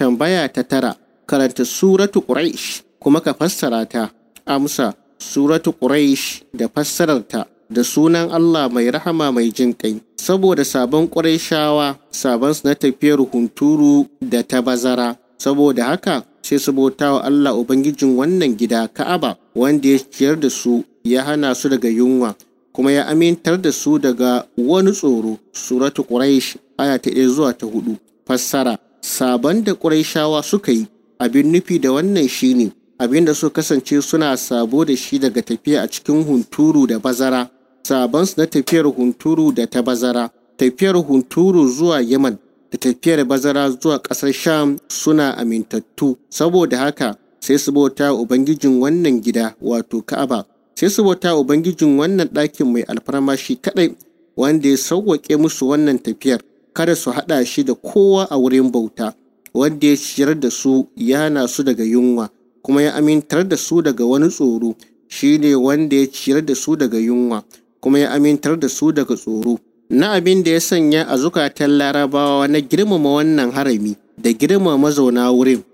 Tambaya ta tara, karanta Suratu Quraysh kuma ka fassara ta. Amsa, Suratu Quraysh. da fassarar ta, da sunan Allah mai rahama mai jin kai Saboda sabon Qurayshawa, sabon na tafiyar hunturu da ta bazara. Saboda haka, sai su bauta wa Allah Ubangijin wannan gida Ka'aba wanda ya ciyar da su ya hana su daga yunwa kuma ya amintar da su daga wani tsoro suratu Quraysh aya ta zuwa ta 4 fassara saban da ƙuraishawa suka yi abin nufi da wannan shine abin da su kasance suna sabo da shi daga tafiya a cikin hunturu da bazara sabansu na tafiyar hunturu da ta bazara tafiyar hunturu zuwa yaman da tafiyar bazara zuwa ƙasar sham suna amintattu saboda haka sai su bauta ubangijin wannan gida wato ka'aba sai su bauta ubangijin wannan ɗakin mai alfarmashi kaɗai wanda ya sauwaƙe musu wannan tafiyar kada su haɗa shi da kowa a wurin bauta wanda ya ciyar da su yana su daga yunwa kuma ya amintar da su daga wani tsoro shi ne wanda ya ciyar da su daga yunwa kuma ya amintar da su daga tsoro na abin da ya sanya a zukatan larabawa na girmama wannan harami da girmama mazauna wurin